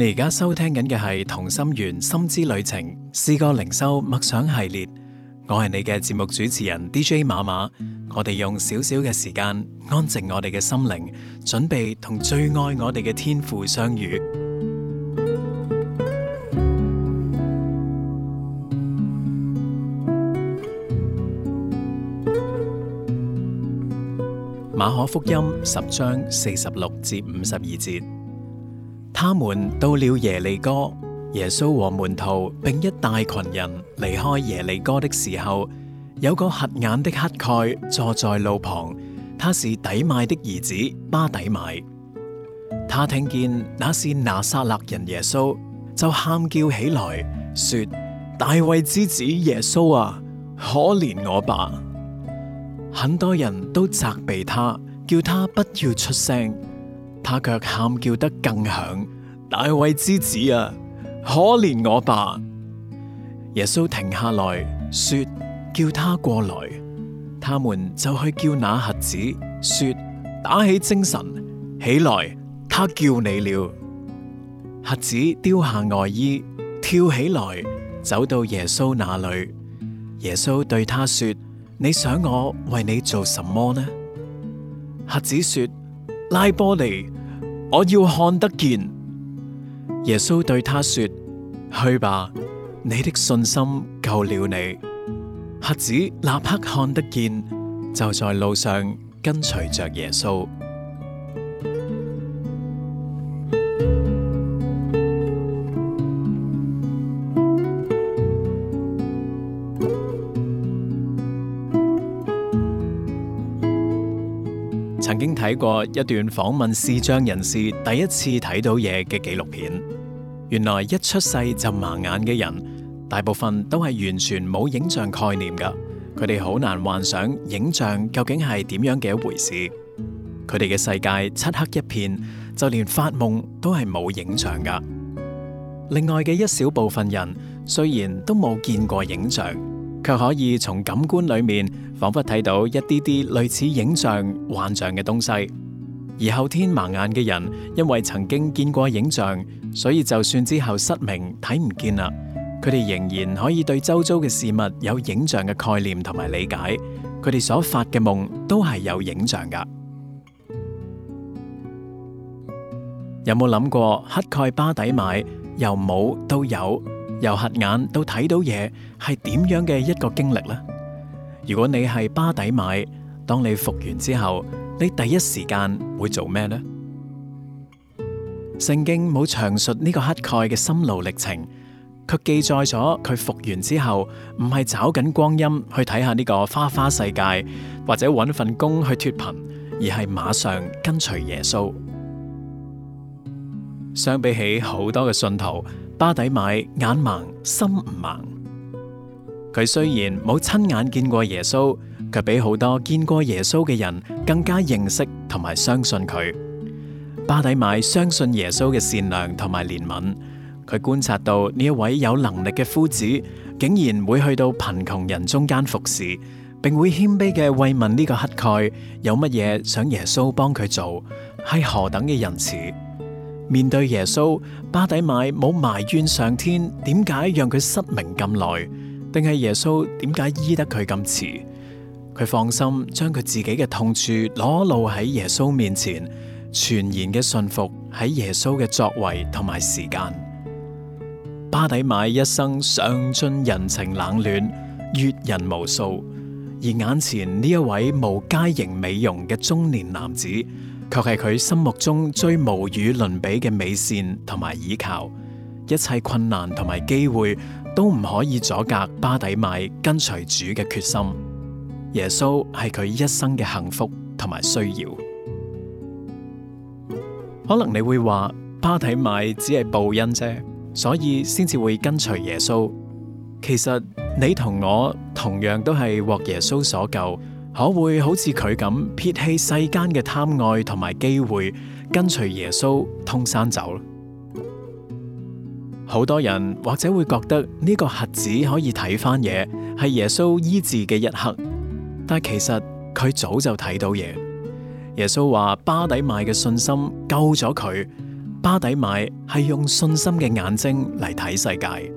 你而家收聽緊嘅係同心圓心之旅程詩歌靈修默想系列，我係你嘅節目主持人 DJ 馬馬，我哋用少少嘅時間安靜我哋嘅心靈，準備同最愛我哋嘅天父相遇。馬可福音十章四十六至五十二節。他們到了耶利哥，耶穌和門徒並一大群人離開耶利哥的時候，有個瞎眼的乞丐坐在路旁，他是底買的兒子巴底買。他聽見那是拿撒勒人耶穌，就喊叫起來，說：大衛之子耶穌啊，可憐我吧！很多人都責備他，叫他不要出聲。他卻喊叫得更響，大衛之子啊，可憐我吧！耶穌停下來，說：叫他過來。他們就去叫那瞎子，說：打起精神起來，他叫你了。瞎子丟下外衣，跳起來，走到耶穌那裏。耶穌對他說：你想我為你做什麼呢？瞎子說。拉波尼，我要看得見。耶穌對他說：去吧，你的信心救了你。瞎子立刻看得見，就在路上跟隨着耶穌。睇過一段訪問視障人士第一次睇到嘢嘅紀錄片，原來一出世就盲眼嘅人，大部分都係完全冇影像概念噶，佢哋好難幻想影像究竟係點樣嘅一回事。佢哋嘅世界漆黑一片，就連發夢都係冇影像噶。另外嘅一小部分人，雖然都冇見過影像。卻可以從感官裏面仿佛睇到一啲啲類似影像幻象嘅東西，而後天盲眼嘅人，因為曾經見過影像，所以就算之後失明睇唔見啦，佢哋仍然可以對周遭嘅事物有影像嘅概念同埋理解，佢哋所發嘅夢都係有影像噶。有冇諗過乞丐巴底買又冇都有？由黑眼到睇到嘢，係點樣嘅一個經歷呢？如果你係巴底買，當你復完之後，你第一時間會做咩呢？聖經冇詳述呢個乞丐嘅心路歷程，卻記載咗佢復完之後，唔係找緊光陰去睇下呢個花花世界，或者揾份工去脫貧，而係馬上跟隨耶穌。相比起好多嘅信徒。巴底買眼盲心唔盲，佢雖然冇親眼見過耶穌，卻比好多見過耶穌嘅人更加認識同埋相信佢。巴底買相信耶穌嘅善良同埋憐憫，佢觀察到呢一位有能力嘅夫子，竟然會去到貧窮人中間服侍，並會謙卑嘅慰問呢個乞丐有乜嘢想耶穌幫佢做，係何等嘅仁慈。面對耶穌，巴底買冇埋怨上天點解讓佢失明咁耐，定係耶穌點解醫得佢咁遲？佢放心將佢自己嘅痛處裸露喺耶穌面前，全然嘅信服喺耶穌嘅作為同埋時間。巴底買一生嘗盡人情冷暖，閱人無數，而眼前呢一位無佳形美容嘅中年男子，卻係佢心目中最無與倫比嘅美善同埋依靠，一切困難同埋機會都唔可以阻隔巴底買跟隨主嘅決心。耶穌係佢一生嘅幸福同埋需要。可能你會話巴底買只係報恩啫，所以先至會跟隨耶穌。其實你同我同樣都係獲耶穌所救，可會好似佢咁撇棄世間嘅貪愛同埋機會，跟隨耶穌通山走？好多人或者會覺得呢、這個瞎子可以睇返嘢，係耶穌醫治嘅一刻。但其實佢早就睇到嘢。耶穌話：巴底買嘅信心救咗佢。巴底買係用信心嘅眼睛嚟睇世界。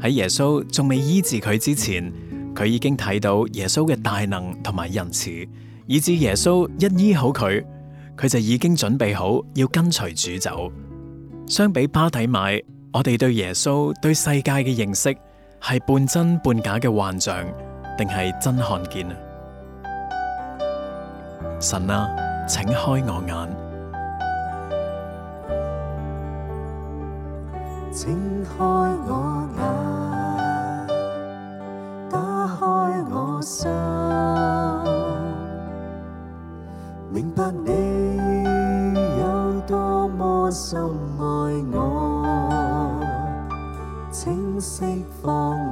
喺耶穌仲未醫治佢之前。佢已經睇到耶穌嘅大能同埋仁慈，以至耶穌一醫好佢，佢就已經準備好要跟隨主走。相比巴底買，我哋對耶穌對世界嘅認識係半真半假嘅幻象，定係真看見？神啊，請開我眼，請開我眼。深愛我，請釋放。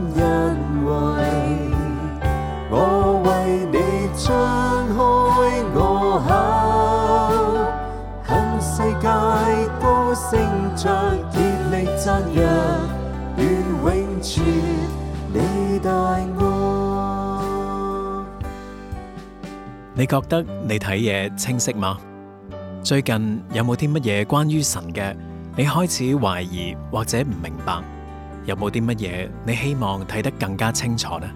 永存你大愛。你覺得你睇嘢清晰嗎？最近有冇啲乜嘢關於神嘅，你開始懷疑或者唔明白？有冇啲乜嘢你希望睇得更加清楚呢？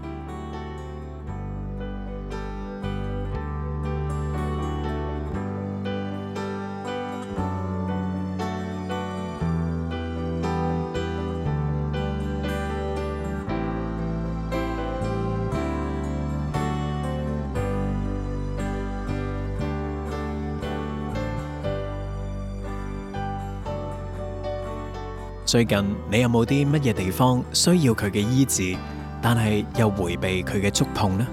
最近你有冇啲乜嘢地方需要佢嘅醫治，但係又回避佢嘅觸碰呢？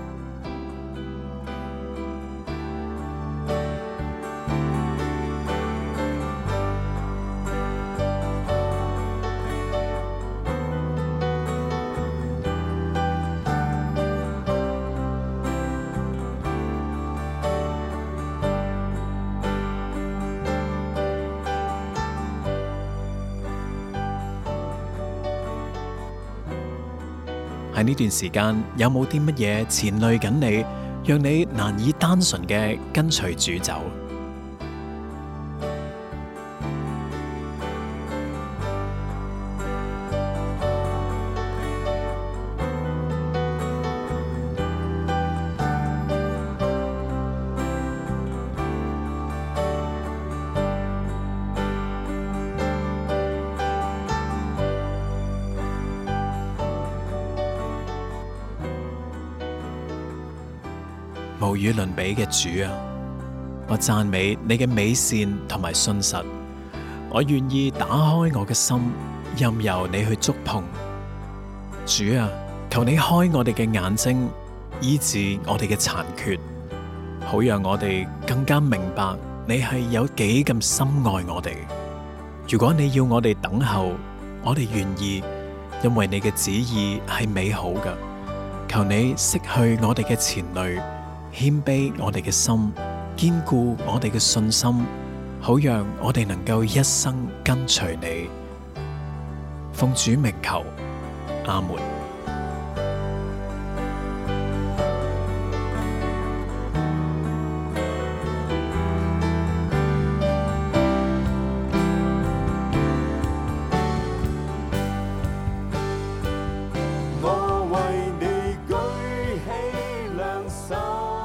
呢段時間有冇啲乜嘢纏累緊你，讓你難以單純嘅跟隨主走？無與倫比嘅主啊！我讚美你嘅美善同埋信實，我願意打開我嘅心，任由你去觸碰。主啊，求你開我哋嘅眼睛，醫治我哋嘅殘缺，好讓我哋更加明白你係有幾咁深愛我哋。如果你要我哋等候，我哋願意，因為你嘅旨意係美好嘅。求你釋去我哋嘅纏累，謙卑我哋嘅心，堅固我哋嘅信心，好讓我哋能夠一生跟隨你。奉主名求，阿門。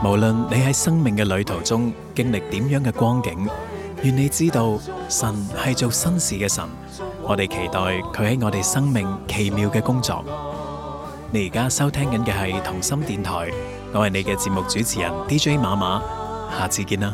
無論你喺生命嘅旅途中經歷點樣嘅光景，願你知道神係做新事嘅神。我哋期待佢喺我哋生命奇妙嘅工作。你而家收聽緊嘅係同心電台，我係你嘅節目主持人 DJ 馬馬，下次見啦。